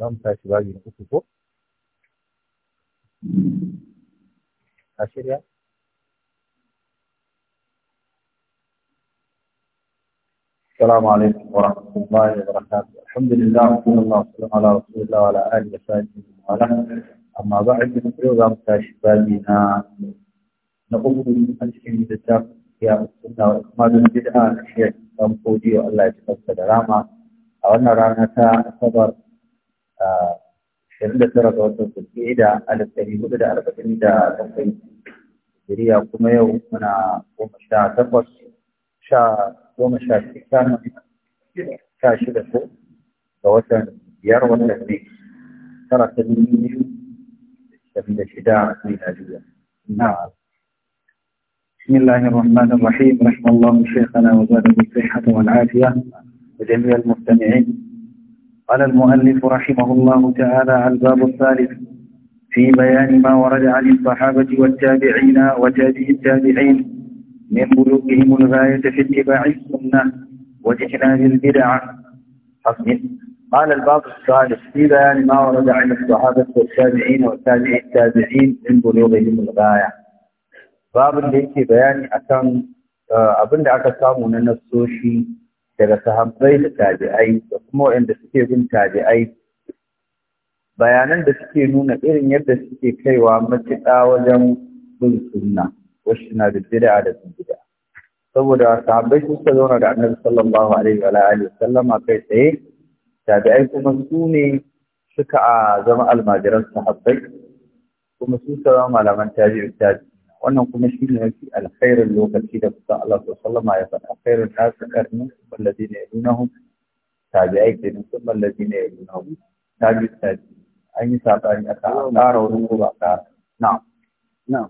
લંબ થશે ભાગીને ઉઠું છું આશ્ચર્યા السلام عليكم ورحمة الله وبركاته الحمد لله وصلى الله وسلم على رسول الله وعلى آله وصحبه ومن أما بعد فيوضع مكاشفاتنا نقوم بأنشئ لتاب يا السنة وإكمال البدعة الشيخ الشيخ الله يجزاه السلامة أولنا رانا تا صبر da da alif ɗari da arba'in da kuma yau muna goma sha takwas sha goma sha sha shida ko ga watan biyar watan ne tara ta biyu da shida miladiya. Na بسم الله الرحمن الرحيم رحم الله شيخنا والعافية وجميع المستمعين قال المؤلف رحمه الله تعالى الباب الثالث في بيان ما ورد عن الصحابة والتابعين وتابعي التابعين من بلوغهم الغاية في اتباع السنة واجتناب البدعة قال الباب الثالث في بيان ما ورد عن الصحابة والتابعين وتابعي التابعين من بلوغهم الغاية باب اللي بيان أكم abin da aka samu daga sahabbai da tabi'ai da kuma waɗanda suke bin tabi'ai bayanan da suke nuna irin yadda suke kaiwa matuƙa wajen bin sunna wasu na da bid'a da bid'a saboda sahabbai su suka zauna da annabi sallallahu alaihi wa alihi sallama kai tsaye tabi'ai kuma su ne suka zama almajiran sahabbai kuma su suka zama malaman tabi'u tabi'i وانه كمشي في الخير اللي وقت كده بتاع الله صلى الله عليه وسلم خير الناس كرمه والذين يدونهم تابعي كرمه ثم الذين يدونهم تابعي تابعي اي ساعة اي اتاع اتار ورنقو نعم نعم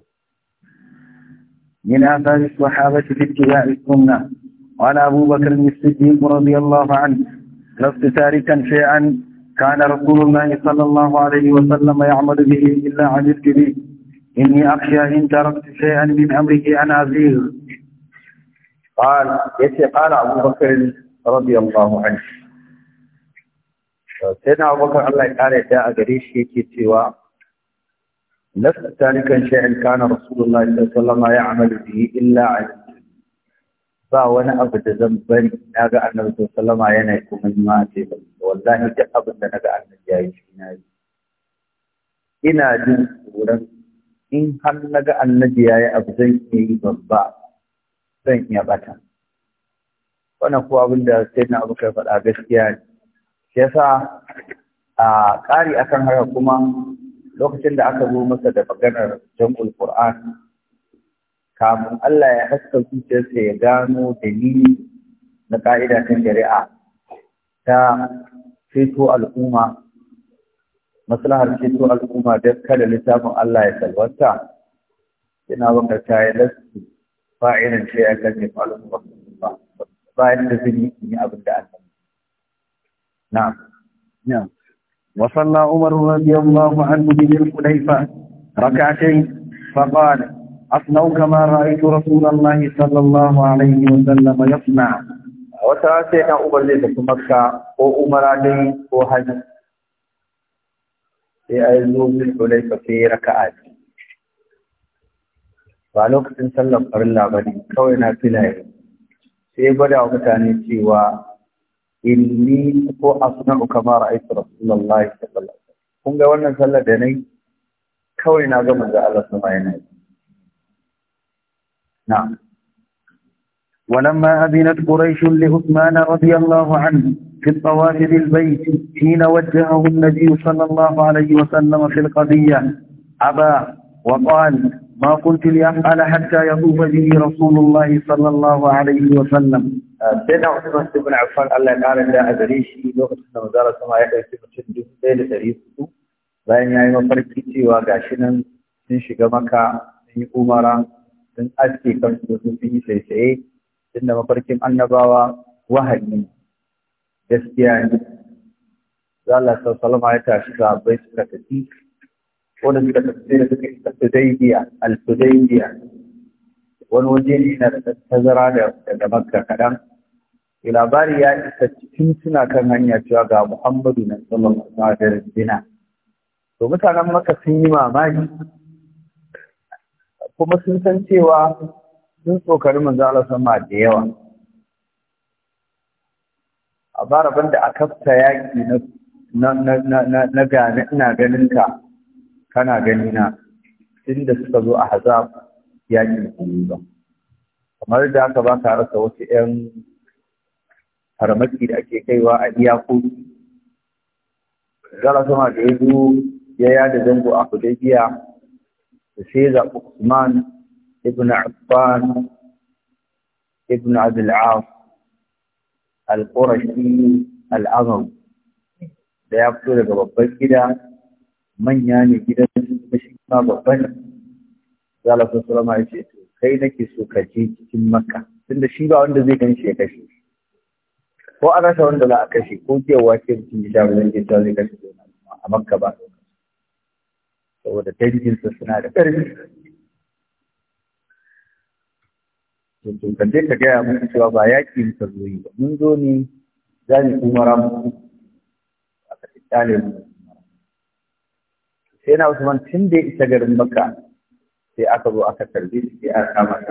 من اثار الصحابة في ابتداء السنة وعلى ابو بكر الصديق رضي الله عنه لست تاركا شيئا كان رسول الله صلى الله عليه وسلم يعمل به الا عن الكبير إني أخشى إن تركت شيئا من أمرك أن أزيغ قال يسي قال أبو بكر رضي الله عنه سيدنا أبو بكر الله تعالى جاء قريش يكي سوى لست تاركا شيئا كان رسول الله صلى الله عليه وسلم يعمل به إلا علمت ba wani abu da zan bari na ga annabi sallama yana yi kuma ma ce ba wallahi duk abin da na ga annabi ya yi shi na yi ina jin tsoron in har na ga annabi ya yi abu zan iya yi babba zan iya bata wannan kuwa abin da sai na abu kai faɗa gaskiya ne shi yasa a ƙari akan haka kuma lokacin da aka zo masa da maganar jam'ul qur'an kafin Allah ya haska zuciyarsa ya gano dalili na ƙa'ida ta shari'a ta fito al'umma maslahar cikin al'umma da kada littafin Allah ya salwanta, ina baka da yi lasu fa’inan ce ya gani falon ba, bayan da zini ne abin da Allah. Na, ya, Umar Rabi Allah mu an gudu bin kudaifa, raka ce, faɓan, asnau kamar ra'aitu Rasulallah sallallahu alaihi wa sallama yasna. Wata sai na Umar zai tafi Makka ko Umar Adai ko Hajji اي نومي حليفة في ركعات فالوك تنسل قر الله بني كوينا كلاهي في بدا وقتاني سيوا إني أصنع كما رأيت رسول الله صلى الله عليه وسلم هم قولنا سلا دني كوينا قمنا على سماينا نعم ولما أذنت قريش لعثمان رضي الله عنه في الطواف بالبيت حين وجهه النبي صلى الله عليه وسلم في القضية أبا وقال ما قلت لأفعل حتى يطوف به رسول الله صلى الله عليه وسلم سيدنا عثمان بن عفان الله تعالى لا أدري شيء لغة نمزارة ما يحيي في مجد جمسة لتريده لأن يعني مطلق كتي وقاشنا من شقمك من أمرا من أسكي كم تدوث فيه سيسعي إنما قلت أن نباوا وهجم da Allah sallama ya tashi sahabbai suka tafi wanda suka tafi da suka tafi Hudaybiya al-Hudaybiya wani waje ne na da tazara daga Makka kadan labari ya isa cikin suna kan hanya cewa ga Muhammadu na sallallahu alaihi wasallam to mutanen Makka sun yi mamaki kuma sun san cewa sun tsokari manzo Allah sama da yawa a bara banda a kafta yaki na na gane ina ganin ka kana gani na inda suka zo a hazab yakin ba. kamar da aka ba ka rasa wasu 'yan farmaki da ake kaiwa a iyakoki Gara sama da ya zo ya yada zango a hudaybiya da sai zaɓi usman ibn affan ibn abdul al-qurashi al-azam da ya fito daga babban gida manya ne gidan da shi ma babban zala sun sulama ya ce kai nake so ka je cikin maka tunda shi ba wanda zai gan shi ya kashe ko a rasa wanda za a kashe ko kewa ce gida ba sha ke gida zai kashe a makka ba saboda su suna da ƙarfi to ka je ka gaya mun cewa ba yaƙi ka zo yi ba mun zo ne za mu kuma ramu kyale mu sai na Usman tun da ya isa garin Makka sai aka zo aka tarbi shi sai aka kama shi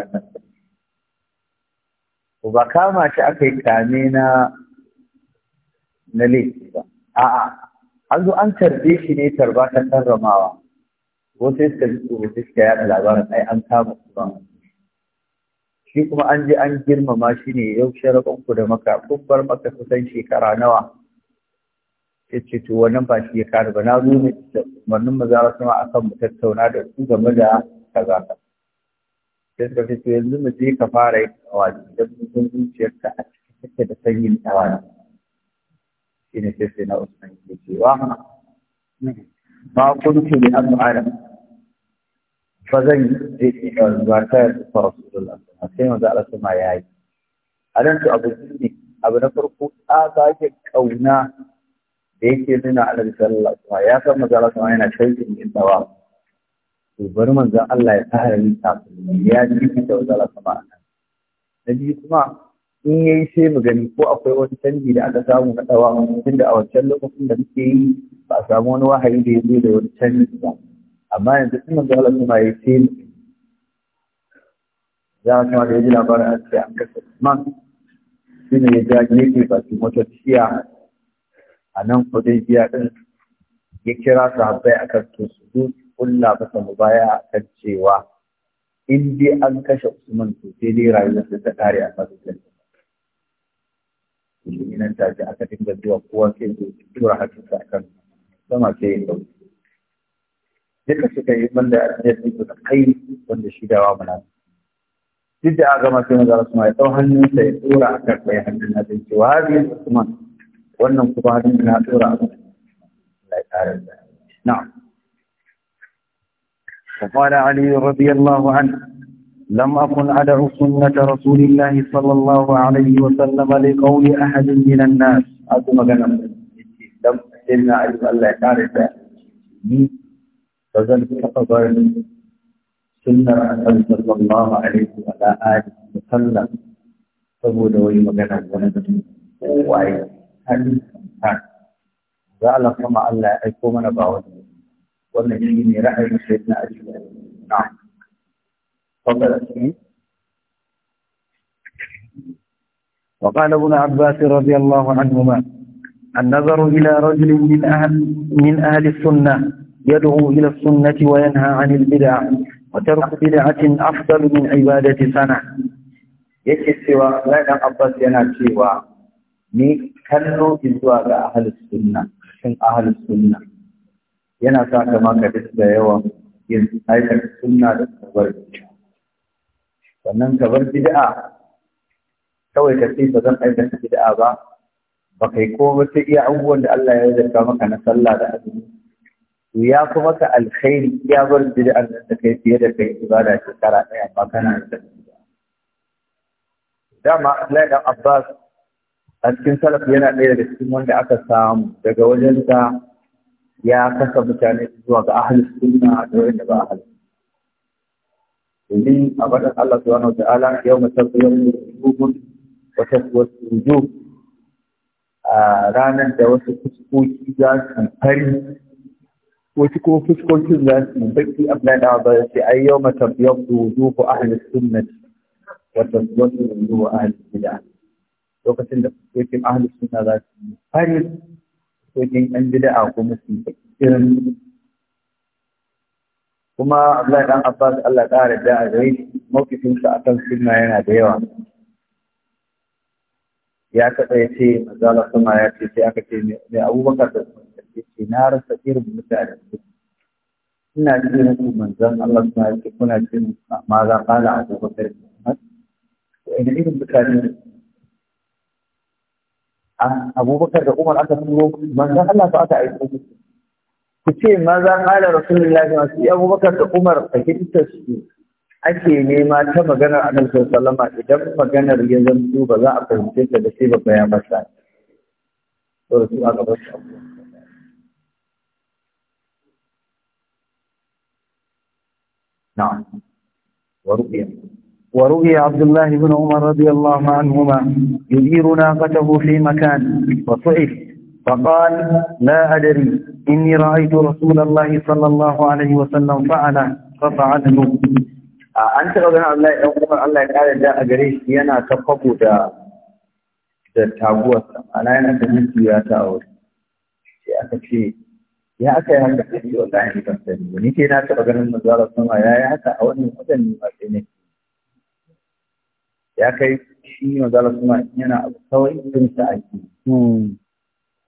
ba kama shi aka yi kame na na laifi ba a'a an zo an tarbe shi ne tarba ta karramawa sai suka ji tsoro sai suka yaɗa labarin ai an kama kuma shi kuma an je an girmama shi ne yau sharabanku da maka kun bar maka kusan shekara nawa yace to wannan ba shi ya kare ba na zo ne da wannan mazara sama a kan mu tattauna da su game da kaza ka sai ka ce to yanzu mu je ka fara yin tawali idan mutum ka a cikin take da sanyin tawali shi ne sai sai na usman ke cewa ba ku kuntu bi abu adam fa zan je ba ta fa rasulullah sai mu manzo Allah sama yayi a nan to abu ne abu na farko a zage kauna da yake nuna alaihi sallallahu kuma ya san manzon sama yana shauƙin yin dawa to bari manzan Allah ya fara yin takalmi ya ji da manzon sama a nan na biyu kuma in ya yi sai mu gani ko akwai wani canji da aka samu na ɗawa mutum da a wancan lokacin da muke yi ba a samu wani wahayi da ya zo da wani canji ba amma yanzu in manzo sama kuma ya sai mu za a kuma da ya ji labarin a ce an kasa kuma shi ne ya ja gefe ba su motar ciya a nan hudaybiya din ya kira sahabbai kan to su zo kulla ba su baya cewa in dai an kashe Usman to sai dai rayuwarsa ta kare a masallacin shi nan take aka dinga zuwa kowa sai zo tura hannunsa a kan sama sai ya ɗauki duka suka yi banda a cikin su da kai wanda shi dawa mana duk da aka gama sai maza rasu ma ya ɗau hannunsa ya tura a kan ɗaya hannun na zai cewa har yanzu kuma wannan ku ba da na dora abu Allah ya kare na'am وقال علي رضي الله عنه لم أكن أدع سنة رسول الله صلى الله عليه وسلم لقول أحد من الناس أدو مغانا لم سيدنا علي الله تعرف فزل تقبل سنة النبي صلى الله عليه وعلى آله وسلم فبودوا مغانا ونبت وعيد وقال ابن عباس رضي الله عنهما النظر إلى رجل من أهل, من أهل السنة يدعو إلى السنة وينهى عن البدع وترك بدعة أفضل من عبادة سنة يكي سوى لا عباس ينهى سوى ni kallo zuwa ga ahalus sunna cikin ahalus sunna yana sa ka maka duk da yawa yin aikata sunna da kabar bid'a sannan kabar bid'a kawai ka ce ba zan aikata bid'a ba ba kai ko ba sai iya abubuwan da Allah ya yarda maka na sallah da azumi to ya fi maka alkhairi ya bar bid'a da kai fiye da kai ibada shekara ɗaya ba kana da bid'a dama Allah dan Abbas a cikin salaf yana ɗaya daga cikin wanda aka samu daga wajen da ya kasa mutane zuwa ga ahli sunna da wanda ba ahli domin a baɗin Allah subhanahu wa ta'ala yau mutabbi yau mutabbi wa tasawwuju a ranar da wasu fuskoki za su fari wasu kuma fuskokin za su baki abla da ba sai ai yau mutabbi yau mutabbi ahli sunnati wa tasawwuju wa ahli bid'ah lokacin da fuskokin ahlus suna za su yi fari fuskokin yan bid'a ko musu irin kuma Abdullahi dan Abbas Allah ƙara da a gare shi mawkifin sa akan sunna yana da yawa ya taɓa ya ce mazala sama ya ce sai aka ce mai abubakar da sun ce na rasa irin mutane ina cikin su manzan Allah suna ya ce kuna ce ma za ƙala abubakar da Muhammad ina irin mutane abubakar da umar aka turo manzan Allah ta aka aiko ku ce ma za kala rasulullahi wa sallam abubakar da umar fahimtar su ake nema ta maganar annabi sallallahu alaihi idan maganar ya zanto ba za a fahimce ta da sai ba bayan masa to su aka shi na'am wa وروي عبد الله بن عمر رضي الله عنهما يدير ناقته في مكان فصعد فقال لا أدري إني رأيت رسول الله صلى الله عليه وسلم فعله ففعلته an taɓa ganin Allah ya ɗan Allah ƙara da a gare shi yana ta kwabo da taguwarsa ana yana ta jujjuya ta a wuri sai aka ce ya aka yi haka sai wallahi ni ke na taɓa ganin manzo sama ya yi haka a wannan wadanni ya kai shi manzala kuma yana abu kawai sun sa ake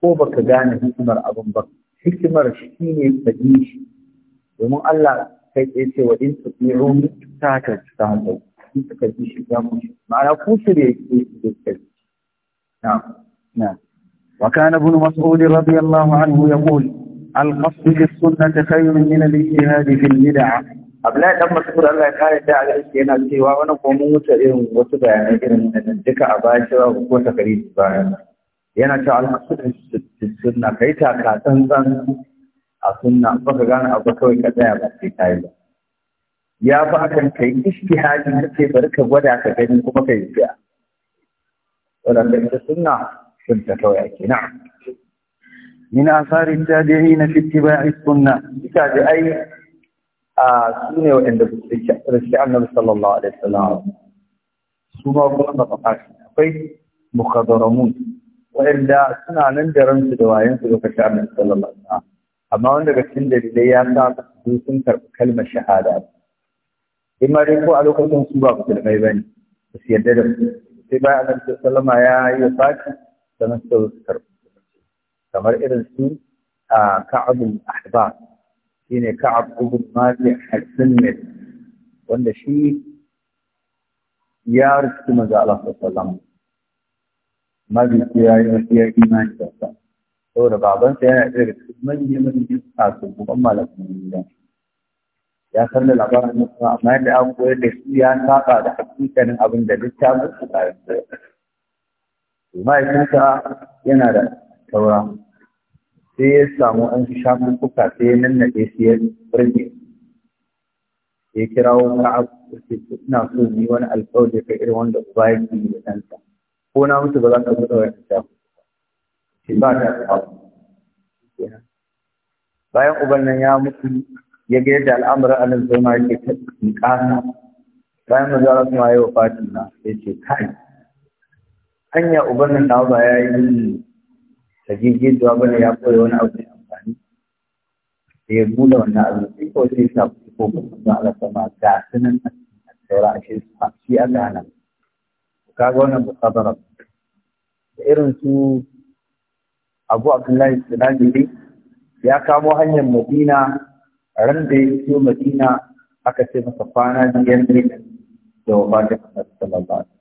ko baka gane hikimar abin ba hikimar shi ne ka shi domin Allah kai tsaye ce wa in tuqiru ta ta ta ta in suka ji shi za mu ma'ana ku shirye ke ke ke na na وكان ابن مسعود رضي الله عنه يقول القصد في السنة خير من الاجتهاد في البدع Abdullahi dan Mas'ud Allah ya kare da a shi yana cewa wani ko mun wuce irin wasu bayanai irin nan duka a baya cewa ko ta kare shi bayan yana cewa al-maqsud sunna kai ta ka tsantsan a sunna ba ka gane abu kawai ka tsaya ba sai kai ba ya fi akan kai ishtihadi kace bari ka gwada ka gani kuma kai fiya wannan da ita sunna sun ta kawai ake na'am min asari tabi'ina fi ittiba'i sunna ita da ai su ne waɗanda da suke annabi sallallahu alaihi wasallam su ma kuma da faɗa akwai mukhadaramun waɗanda suna nan da ransu da wayansu lokacin annabi sallallahu alaihi wasallam amma wanda ga cikin dalilai ya sa su sun karɓi kalmar shahada in ma dai ko a lokacin su ba ku musulmai ba ne ba su yarda da su sai bayan annabi sallallahu alaihi ya yi fashi sannan su karɓi kamar irin su a ka'abul shine Ka'ab ibn Malik al-Sunni wanda shi ya riski manzo Allah sallallahu alaihi wasallam ya yi imani da sa saboda babansa yana da manyan manyan kasu kuma malamin gidan ya san da labarin mutum amma yadda an koyar da su ya saba da hakikanin abin da littafin su ƙarfi. Mahaifinsa yana da taura sai ya samu an kuka sai ya nannaɗe su ya rage ya kirawo ka'ab ce ina so ni wani alƙawari ka irin wanda uba ya ke da ɗansa ko na mutu ba za ka buɗe wani ta shi ba ta da bayan uban nan ya mutu ya ga yadda al'amuran annabi sai ma yake ta ƙasa bayan mu zara kuma yi wa fatima ya ce kai hanya uban nan na ba ya yi sajijin da bane ya koya wani abu ne amfani da ya buɗe wannan abu sai ko sai sa ku ko ku ba Allah sama ga sunan saura a shi shi aka nan kaga wannan muqadara da irin su Abu Abdullahi Sinajiri ya kamo hanyar Madina ran da ya fito Madina aka ce masa kwana biyar ne da wafatin Annabi sallallahu alaihi wasallam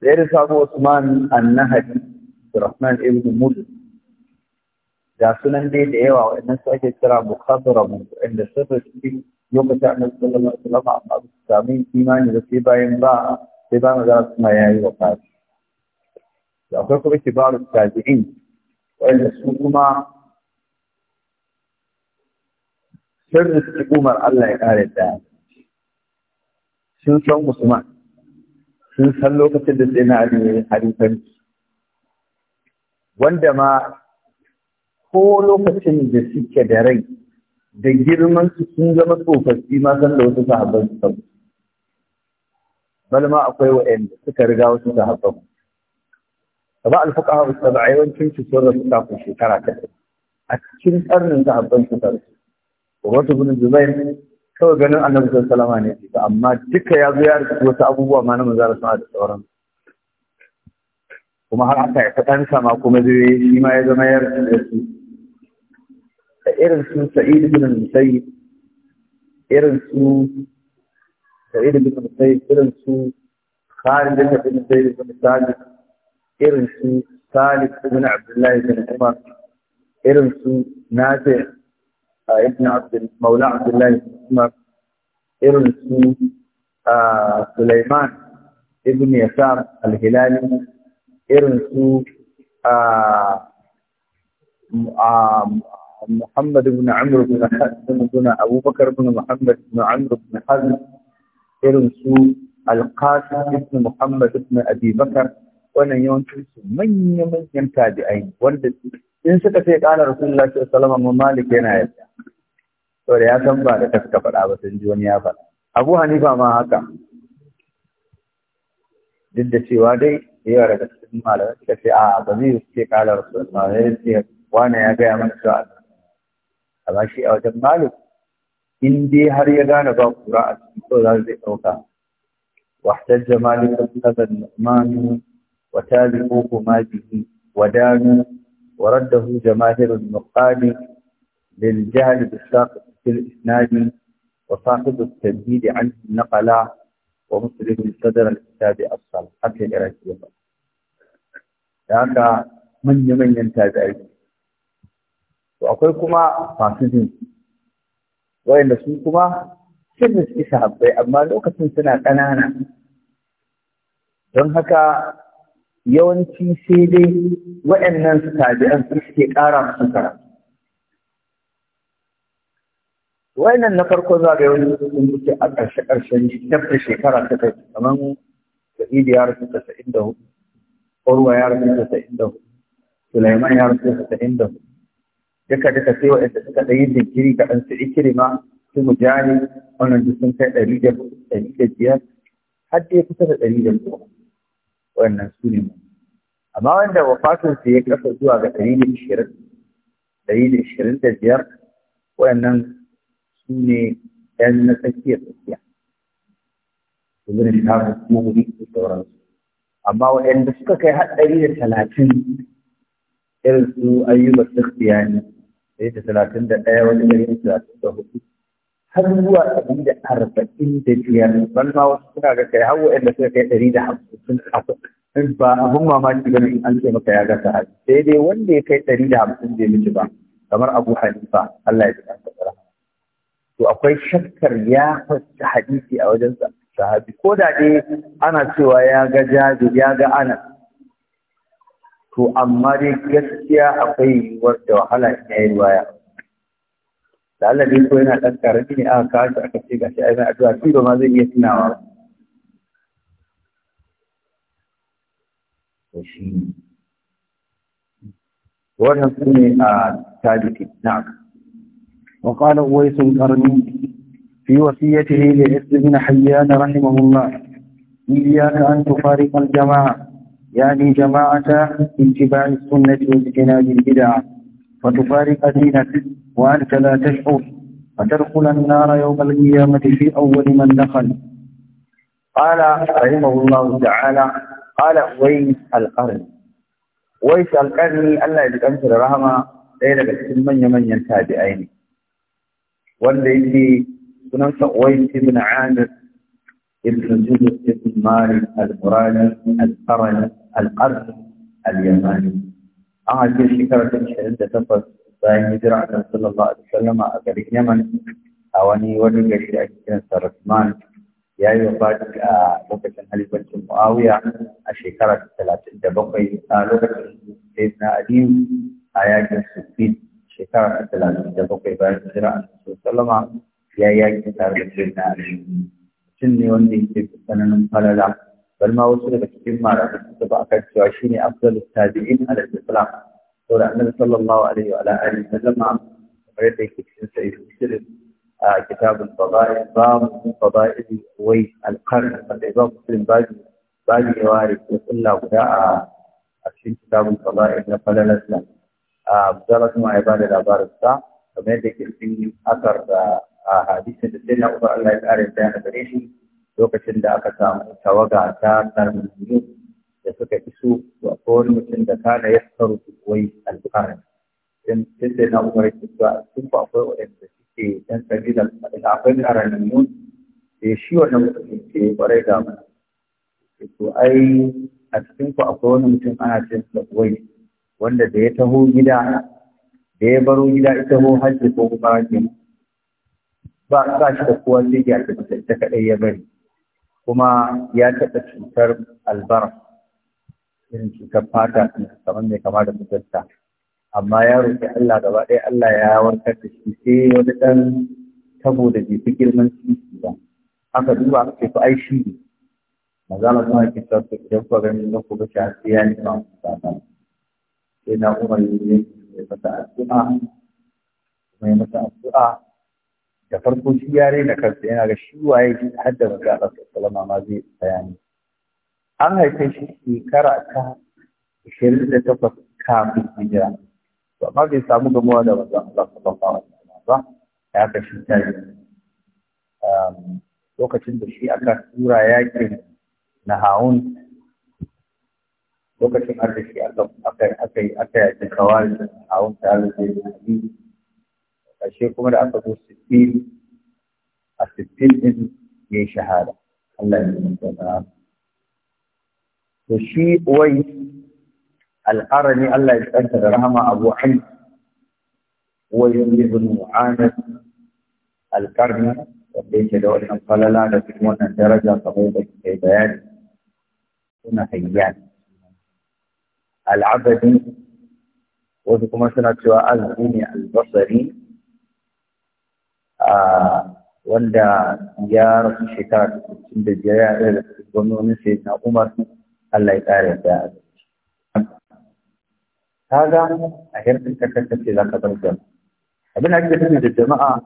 da irin su Abu Usman An-Nahdi الرحمن ابن مجد جاء سنن دي دي ايوا انس اكي ترى مخاطرة منذ ان السفر سكي يوم تعمل صلى الله عليه وسلم عن بعض السامين تيمان يرسي باين باع تيبان غير السماء يعني وقال يأخذك بكبار التازعين وإن السكوما سر السكوما الله يقال الدعم سوى مسلمان سوى سلوك تدس عليه حديثا wanda ma ko lokacin da suke da rai da girman su sun zama tsofaffi ma san da wasu sahabban su sabu balma akwai wa'anda suka riga wasu sahabban kaba alfuqaha usaba'a wancan su sun rasu kafin shekara ta a cikin karnin sahabban su sabu Ubatu bin Zubair kawai ganin Annabi sallallahu alaihi wasallam ne amma duka ya zo ya rubuta wasu abubuwa ma na manzara sa'a da sauransu kuma har haka haifi ɗansa ma kuma zai shi ma ya zama ya da su da irin su sa'id ibn musayi irin su sa'id ibn musayi irin su khalid ibn musayi ibn salih irin su salih ibn abdullahi ibn umar irin su nafi' ibn abd maula abdullahi ibn umar irin su ah, Sulaiman ibn Yasar al-Hilali irin su a Muhammadu عمرو بن حزم abubakar bin muhammadu بن محمد بن عمرو irin su alƙasim ibn Muhammad ibn Abi Bakar wannan yawancin su manya-manyan tabi'ai wanda in suka sai kana Rasulullah sallallahu alaihi wasallam Malik yana yadda to da ya san ba da kaska faɗa ba sun ji wani ya faɗa Abu Hanifa ma haka duk da cewa dai da yawa daga cikin malamai suka ce a ba zai yi ce kala rasulullah zai ce wani ya gaya mana cewa amma shi a wajen malik in dai har ya gane ba kura a cikin to za zai ɗauka واحتج مالك هذا النعمان وتابعوهما به ودانوا ورده جماهير النقاد للجهل بالساقط في الإسناد وصاحب التمهيد عنه نقلا wa muslim bi sadar al-kitabi as-sal haka iraki ya faɗa da haka manya manyan ta tabi'ai to akwai kuma fasidin wayanda su kuma sun riski sahabbai amma lokacin suna ƙanana don haka yawanci sai dai waɗannan tabi'an su suke ƙara musu karatu wayannan na farko za ga yawanci sun wuce a ƙarshe ƙarshen tabbata shekara ta kai kamar da idi ya rasu tasa'in da hudu ƙorwa ya rasu tasa'in da hudu sulaiman ya rasu tasa'in da hudu duka duka sai waɗanda suka ɗanyi jinkiri kaɗan su ikirima su mujani wannan duk sun kai ɗari da ɗari da biyar har dai kusa da ɗari da goma wannan su ne amma wanda sai ya kasa zuwa ga ɗari da ishirin ɗari da ishirin da biyar wayannan ne ‘yan na tsakiyar tsakiya. Ibn Shahab Muhri da sauransu. Amma waɗanda suka kai haɗari da talatin irin su ayyuka ne sai da talatin da ɗaya wani gari talatin da hudu har zuwa ɗari da arba'in da biyar ban ma wasu suna ga kai har waɗanda suka kai ɗari da hamsin ba abin mamaki ba in an ce maka ya gasa sai dai wanda ya kai ɗari da hamsin bai mutu ba kamar abu hanifa Allah ya ji an to akwai shakkar ya fasta hadisi a wajen sahabi ko da dai ana cewa ya ga jabir ya ga ana to amma dai gaskiya akwai yiwuwar da wahala in yi riwaya da Allah dai ko yana dan karami ne aka kawo shi aka ce gashi shi ainihin addu'a shi ba ma zai iya tunawa to shi wannan sune a ah, tabi'i na'am وقال أويس القرني في وصيته لعز بن حيان رحمه الله إياك أن تفارق الجماعة يعني جماعة اتباع السنة واجتناب البدع فتفارق دينك وأنت لا تشعر فتدخل النار يوم القيامة في أول من دخل قال رحمه الله تعالى قال ويس القرن ويس القرن الله يجب أن رحمه ليلة daga يمن ينتهي manyan وَلَا يَكِي كُنَنْكَ أُوَيْتِ بِنْ عَامِرِ إِبْنُ جُدُدْ إِبْنُ مَالِكَ الْمُرَانِ الْقَرَنِ الْقَرْنِ الْيَمَانِ أعجي آه، شكرة شهدة تفض بأي مدرعة صلى الله عليه وسلم أكريك يمن أواني ودنك شرعك كنسى الرحمن يا يوفاد بوكة آه، الحليفة المعاوية الشكرة الثلاثة بوكة آه، الثلاثة سيدنا أديم آيات السبيل shekara talatin da bakwai bayan hijira a cikin sallama ya yaki tare da sirna a cikin mutum ne wanda yake tsananin falala bal ma wasu daga cikin malamai suka ba akan cewa shine afdalu tabi'in ala islam saboda annabi sallallahu alaihi wa alihi wa sallama kamar yadda yake cikin sahih muslim a kitabul fadail babu fadail wai al-qarn wanda imam muslim baji baji ya ware ko kullu guda a cikin kitabul fadail na falalar za su ma ya ba da labarin sa kamar yadda ke cikin asar da hadisin da sai na ubar Allah ya ƙara bayan da gare lokacin da aka samu tawaga ta tarmiyu da suka iso to akwai wani mutum da kana ya saru wai al-bukhari dan sai na ubar ya cewa sun fa akwai wanda suke dan sabila akwai tarmiyu da eh, shi wannan mutum ke kwarai da mu ai a cikin ku akwai wani mutum ana cin sa wanda da ya taho gida da ya baro gida ita ho hajji ko kuma ba ba shi da kowa sai ya tafi ta kadai ya bari kuma ya taɓa cutar albara irin cutar fata kamar mai kama da mutunta amma ya roƙi Allah gaba ɗaya Allah ya warkar da shi sai wani ɗan tabo da bai fi girman titi ba aka duba aka ce ai shi ne maza suna ke idan ku gani na ku ga shi ya nima ku sai na umar ya yi addu'a mai masa addu'a da farko shi yare da kansa yana ga shi waye shi hadda manzo Allah sallallahu ma zai bayani an haife shi shekara ta 28 kafin hijira to amma bai samu gamuwa da manzo Allah sallallahu alaihi wasallam ba ya ka shi lokacin da shi aka tura yakin Nahawun ఒకటి మరి అక్కడ అక్కడ అక్కడ అతను اخرى ఆవు చాలి అశోక్ కుమార్ అక్కడ సిద్ధి ఆ సిద్ధి ఏ షహార وشيء ويس الأرني الله يتأثر رحمة أبو حيث ويبلغ معانة الكرم وبيت دولنا قال لا نتكون درجة طبوبة في بيان هنا حيان العبدي وذكما سنتوا الدين البصري آه، وندا يا رب شكرك ان بجيا غنون سيدنا عمر الله يطال يا هذا من اخر في كتابك اذا كتبت ابن عبد الحميد الجماعه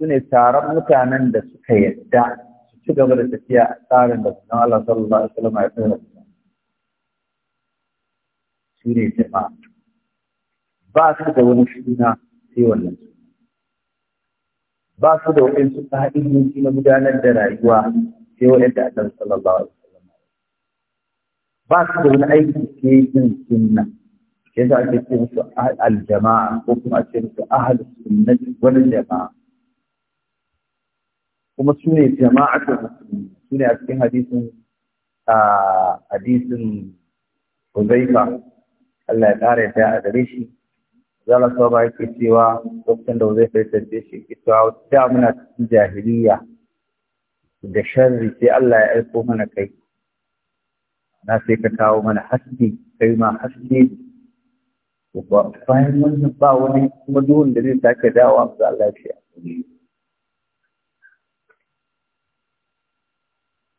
من التعرب متعنا ده سكيت ده شو ده غير التفيا التعرب ده الله صلى الله عليه وسلم su ne ba su da wani suna sai wannan ba su da wani waɗansu ƙa'idoji na gudanar da rayuwa sai wani a ɗan sallallahu alaihi wasallam ba su da wani aiki sai yin sunna yadda ake ce musu jama'a ko kuma ake musu ahal sunnati wani jama'a kuma su ne jama'atul muslimin su ne a cikin hadisin hadisin Uzaifa Allah ya ƙara ta a gare shi zala ba yake cewa lokacin da zai fahimtar da shi ke cewa da muna cikin jahiliya da sharri sai Allah ya aiko mana kai na sai ka kawo mana haske kai ma haske bayan wannan ba wani kuma duhun da zai sake dawowa ga Allah ya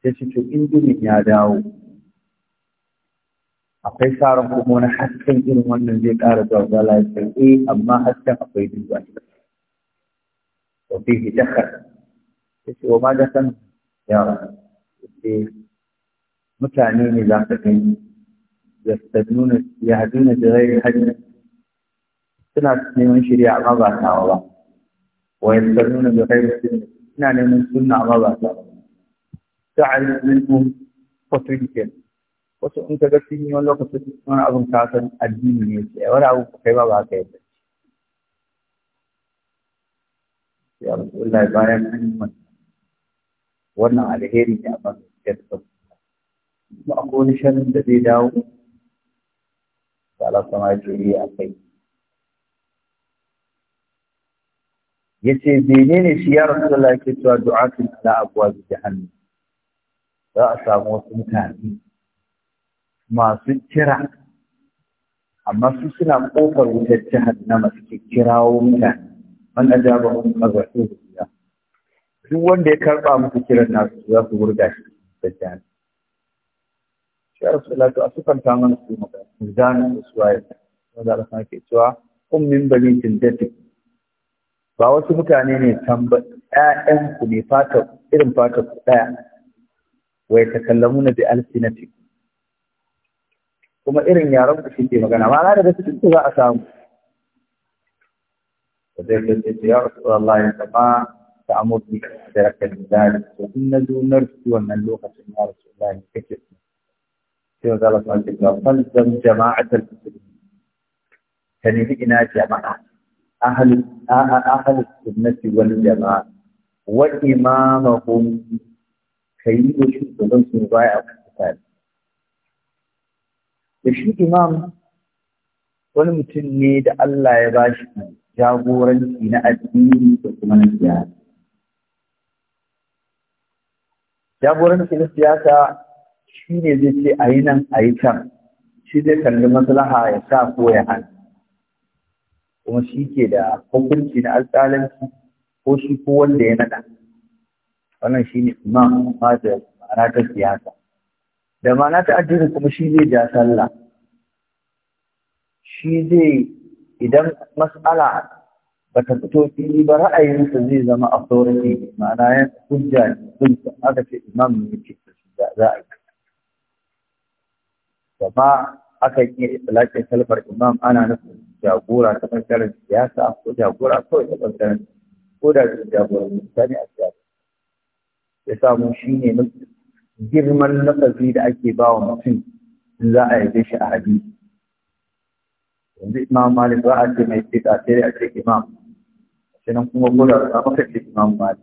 sai ce to in ya dawo akwai tsarin kuma wani hasken irin wannan zai ƙara zuwa ga lafiyar eh amma hasken akwai duba shi wa fihi dakhal yace wa ma dakhal ya yace mutane ne za ka gani yastadnuna yahduna bi ghairi hadi suna neman shari'a amma ba tawa ba wa yastadnuna bi ghairi sunna suna neman sunna amma ba tawa ba ta'arifu minhum fatrikan wasu in ka ga cikin wani lokaci wani abin ka san addini ne ce wani abu kai ba ba ka yadda ya rasulullah bayan an yi mana wannan alheri ne a ban da ta kuma akwai wani sharrin da zai dawo da Allah sama ce yi a kai ya ce menene shi ya rasulullah ke cewa du'atun ala abuwa jahannam za a samu wasu mutane masu kira amma su suna ƙofar wutar jahannama suke kirawo mutane man ba hum qazahu biya duk wanda ya karba musu kiran nasu za su wurga shi da jahannama shi Rasulullah to asukan ta mana su maka zan da suwaye wanda Allah sana ke cewa kun min bani jindati ba wasu mutane ne tamba ƴaƴan ku ne fata irin fata ku ta kallamu na bi alsinatikum kuma irin yaron ku shi magana ba na da cikin za a samu وذلك الذي يرسل الله يتبع تأمر بك ترك ذلك وإن ذو نرس ومن لوقة يا رسول الله كتب كما قال الله عز وجل فالزم جماعة المسلمين تنبئنا جماعة أهل أهل السنة والجماعة وإمامهم كي يشهد لهم سنبايع القتال da shi imam wani mutum ne da Allah ya ba shi jagoranci na addini da kuma na siyasa. Jagoranci na siyasa shi ne zai ce a yi nan a yi can, shi zai kalli maslaha ya sa ko ya hana. Kuma shi ke da hukunci na alƙalanci ko shi ko wanda ya naɗa. Wannan shi ne imam ma da ma'ana ta siyasa. da ma'ana ta addini kuma shi zai ja sallah shi zai idan mas'ala ba ta fito fili ba ra'ayinsa zai zama authority ma'ana ya hujja ne hujja aka ce imam ne ke za a yi gaba aka yi lafiya salfar imam ana nufin jagora ta ɓangaren siyasa ko jagora kawai ta ɓangaren ko da jagora mutane a siyasa ya samu shi ne nufin girman lafazi da ake ba wa mutum za a yabe shi a hadisi yanzu imam malik ba a ce mai fita sai a ce imam sannan kuma gura a maka ce imam malik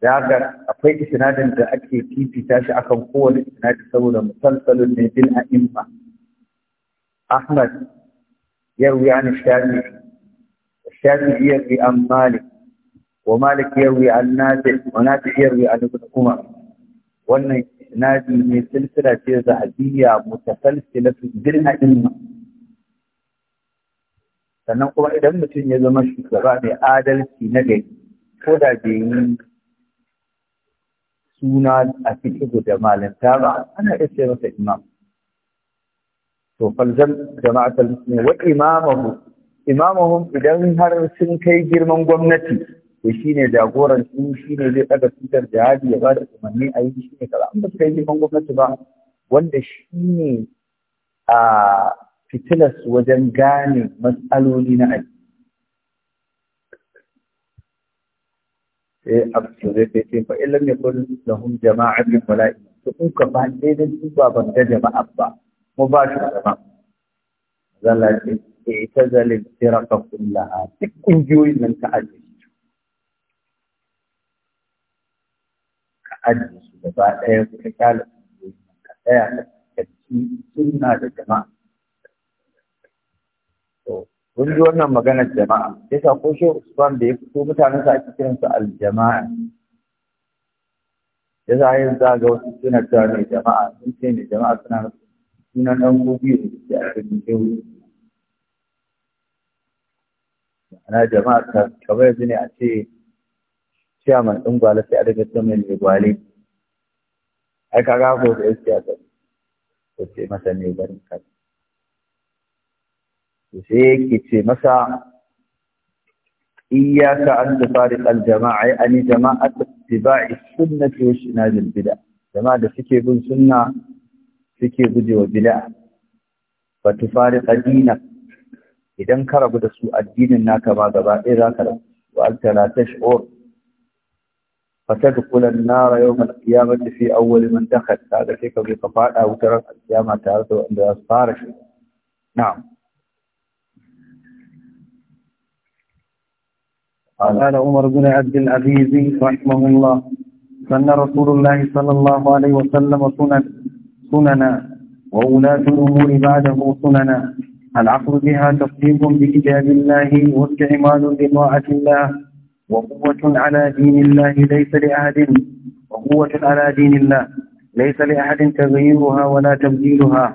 da haka akwai isnadin da ake fifita shi akan kowane isnadi saboda musalsalun ne bil a'imma ahmad يروي عن الشافعي الشافعي يروي عن مالك ومالك يروي عن نافع ونافع يروي عن ابن kuma. wannan nadi ne silsila ce zahabiyya mutasalsilatu ilma. sannan kuma idan mutum ya zama shugaba mai adalci na gari ko da bai yi suna a cikin da malinta ba ana iya ce masa imam to falzan jama'atul muslimin wa imamahu imamahum idan har sun kai girman gwamnati to shi ne jagoran su shi ne zai ɗaga tutar jihadi ya ba da umarni a yi shi ne kaza an ba su kai gefen gwamnati ba wanda shi ne a fitilas wajen gane matsaloli na aiki sai eh, abu zai kai ce fa da yakun jama'a jama'atun wala to in ka ba dai dan su ba ban da jama'a ba mu ba shi jama'a zalla ce ta zalil firqa kullaha duk ƙungiyoyin nan ta aji. ajiye su gaba ɗaya ka kyala su ka tsaya ka kaci suna da jama'a to kun ji wannan maganar jama'a yasa ko shi Usman da ya fito mutanen sa ake kiransu aljama'a yasa yin za ga wasu suna cewa mai jama'a sun ce ne jama'a suna sunan ɗan kofi da suke a cikin jihohi ma'ana jama'a kamar yanzu ne a ce ciyaman ɗin gwale sai a daga tsamai mai gwale ai kaga ko da yake a gari ko ce masa mai gari ka sai yake ce masa iyaka an tafari al jama'a ani jama'a tabi'i sunnati wa shinajil bid'a jama'a da suke bin sunna suke gujewa bid'a fa tufari adina idan ka rabu da su addinin naka ba gaba ɗaya za ka rabu wa al talatash or فتدخل النار يوم القيامة في أول من دخل هذا شيء في قفاء أو ترى القيامة تعرض عند أصفارش نعم قال عمر بن عبد العزيز رحمه الله سن رسول الله صلى الله عليه وسلم سنن سننا وولاة الأمور بعده سننا العقل بها تصديق بكتاب الله واستعمال لطاعة الله وقوة على دين الله ليس لأحد وقوة على دين الله ليس لأحد تغييرها ولا تبديلها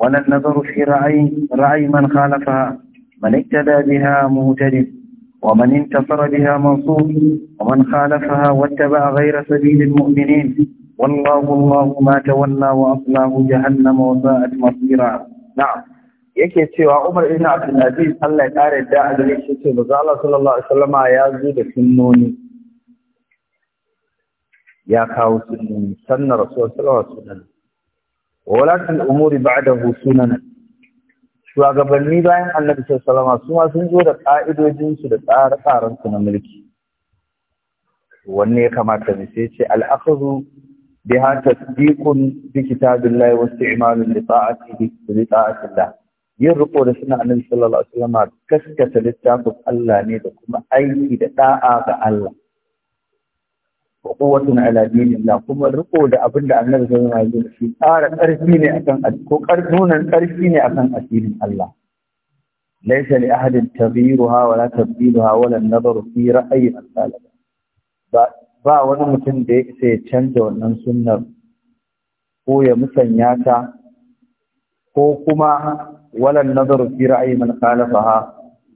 ولا النظر في رأي رأي من خالفها من اهتدى بها مهتد ومن انتصر بها منصور ومن خالفها واتبع غير سبيل المؤمنين والله الله ما تولى وأصلاه جهنم وساءت مصيرا نعم yake cewa Umar ibn Abdul Aziz Allah ya kare da azumi shi ce manzo Allah sallallahu alaihi wasallama ya zo da sunnoni ya kawo sunnoni sannan Rasul sallallahu alaihi wasallam walakin umuri ba'dahu sunan shugabanni bayan Annabi sallallahu alaihi wasallama su ma sun zo da ka'idojin su da tsare-tsaren su na mulki wanne ya kamata ne sai ce al-akhdhu biha tasdiqun bi kitabillahi wa isti'malun li ta'atihi li ta'atillah yin riko da suna annabi sallallahu alaihi wasallam kaskata littafin Allah ne da kuma aiki da da'a ga Allah wa quwwatun ala dinillah kuma riko da abin da annabi sallallahu alaihi wasallam shi tsara karfi ne akan ko karnunan karfi ne akan asirin Allah laysa li ahadin tabiruha wala tabdiluha wala nadar fi ra'yi al-salaf ba ba wani mutum da ya isa ya canza wannan sunnar ko ya musanya ta ko kuma wala nazaru fi ra'yi man khalafaha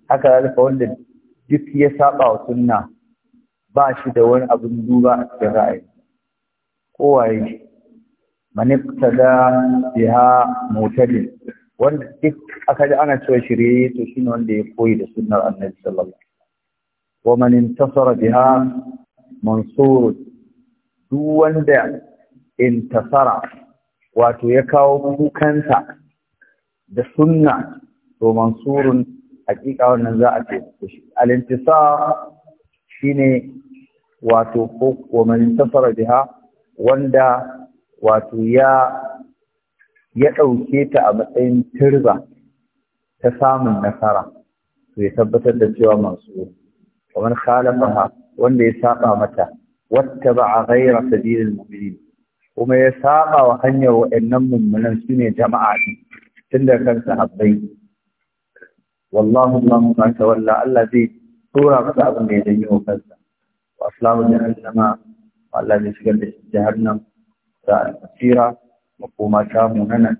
haka zalika wanda duk ya saba wa sunna ba shi da wani abin duba a cikin ra'ayi waye shi man iqtada biha mutadil wanda duk aka ji ana cewa shirye to shine wanda ya koyi da sunnar annabi sallallahu alaihi wa man intasara biha mansur duk wanda intasara wato ya kawo kukansa da sunna to mansurun hakika wannan za a taimake shi al-intisar shine wato ko kuma intasara biha wanda wato ya ya dauke ta a matsayin turba ta samun nasara to ya tabbatar da cewa mansur kamar khalafaha wanda ya saba mata wattaba'a ghayra sabilil mu'minin kuma ya saba wa hanyar wa'annan mummunan shine jama'a din إلا كنت عبيت والله الله ما تولى الذي طورا قطعب من يدنيه فزا وأصلاه جهنم والذي سجل جهنم فأل كثيرا وقوما شامونا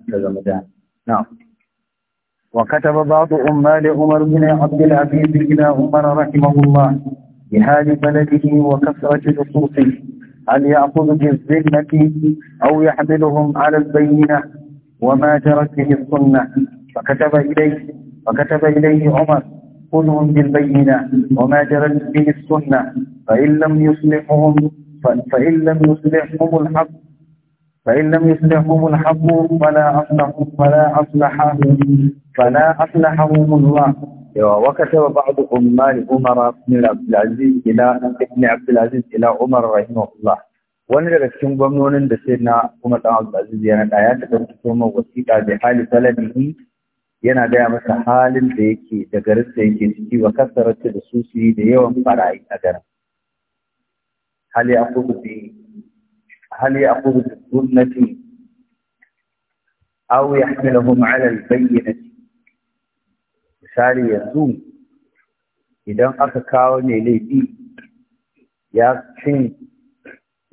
نعم وكتب بعض أمال عمر بن عبد العزيز إلى عمر رحمه الله بهذه بلده وكثرة نصوصه أن يأخذ بالذلة أو يحملهم على البينة وما جرت به السنة فكتب إليه فكتب إليه عمر خذهم بالبينة وما جرت به السنة فإن لم يصلحهم فإن لم يصلحهم الحق فإن لم يصلحهم الحق فلا أصلح فلا أصلحهم فلا أصلحهم الله وكتب بعض عمال عمر بن عبد العزيز إلى ابن عبد العزيز إلى عمر رحمه الله wani daga cikin gwamnonin da sai na kuma ɗan Abdulaziz ya naɗa ya taɓa rubuto min wasiƙa da hali talabihi yana gaya masa halin da yake da garin da yake ciki wa kasararta da su susi da yawan fara'i a garin. Hali a kudu bi hali a kudu bi gwamnati aw ya hamilahum ala albayyinati misali yanzu idan aka kawo mai laifi ya cin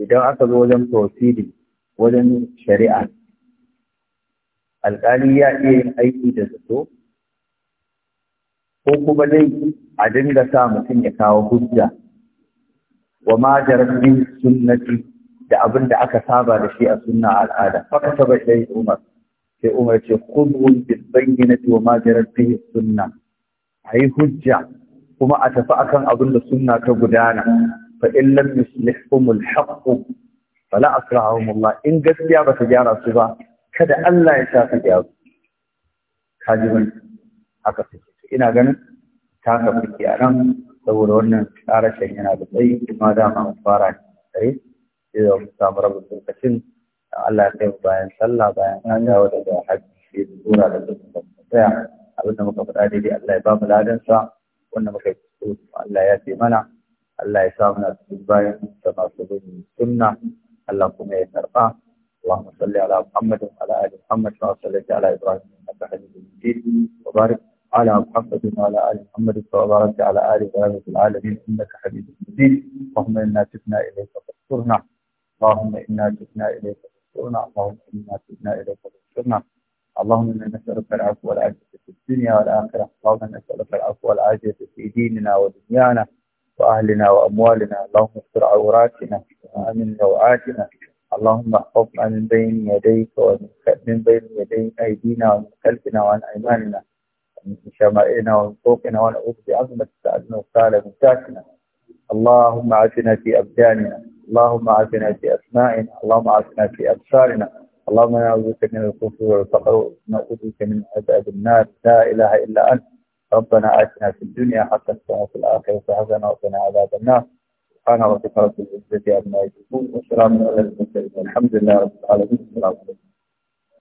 idan aka zo wajen prosidi wajen shari'a alƙali ya iya yin aiki da zato ko kuma dai a dinga sa mutum ya kawo hujja wa ma jarabin sunnati da abin da aka saba da shi a sunna al'ada faka saba shi umar sai umar ce khudhun bil bayyinati wa ma jarabin sunna yi hujja kuma a tafi akan abin da sunna ta gudana فإن لم يصلحهم الحق فلا أسرعهم الله إن قد جاب سبا كذا ألا يشاء حاجبا ganin ta haka kuke a nan saboda wannan ƙarashin yana da tsayi kuma dama an fara da mu samu rabin lokacin Allah ya kai bayan sallah bayan an dawo daga hajji sai da tsora da dukkan tsaya da wanda Allah mana Allah ya sa muna cikin bayan da masu bin sunna Allah kuma اللهم صل على محمد وعلى ال محمد كما صليت على ابراهيم وعلى حميد مجيد وبارك على محمد وعلى ال محمد وبارك على ال ابراهيم في العالمين انك حبيب مجيد اللهم انا تبنا اليك فاسترنا اللهم انا تبنا اليك فاسترنا اللهم انا تبنا اليك فاسترنا اللهم انا نسالك العفو والعافيه في الدنيا والاخره اللهم نسالك العفو والعافيه في ديننا ودنيانا وأهلنا وأموالنا اللهم استر عوراتنا وأمن روعاتنا اللهم احفظنا من بين يديك ومن من بين يدي أيدينا ومن خلفنا وعن أيماننا ومن شمائلنا ومن فوقنا ونعوذ بعظمتك أن نغتال من تحتنا اللهم عافنا في أبداننا اللهم عافنا في أسمائنا اللهم عافنا في أبصارنا اللهم نعوذ بك من الكفر والفقر نعوذ بك من عذاب النار لا إله إلا أنت ربنا آتنا في الدنيا حسنة في الآخرة حسنة وقنا عذاب النار سبحان ربك رب العزة عما يصفون وسلام على المرسلين الحمد لله رب العالمين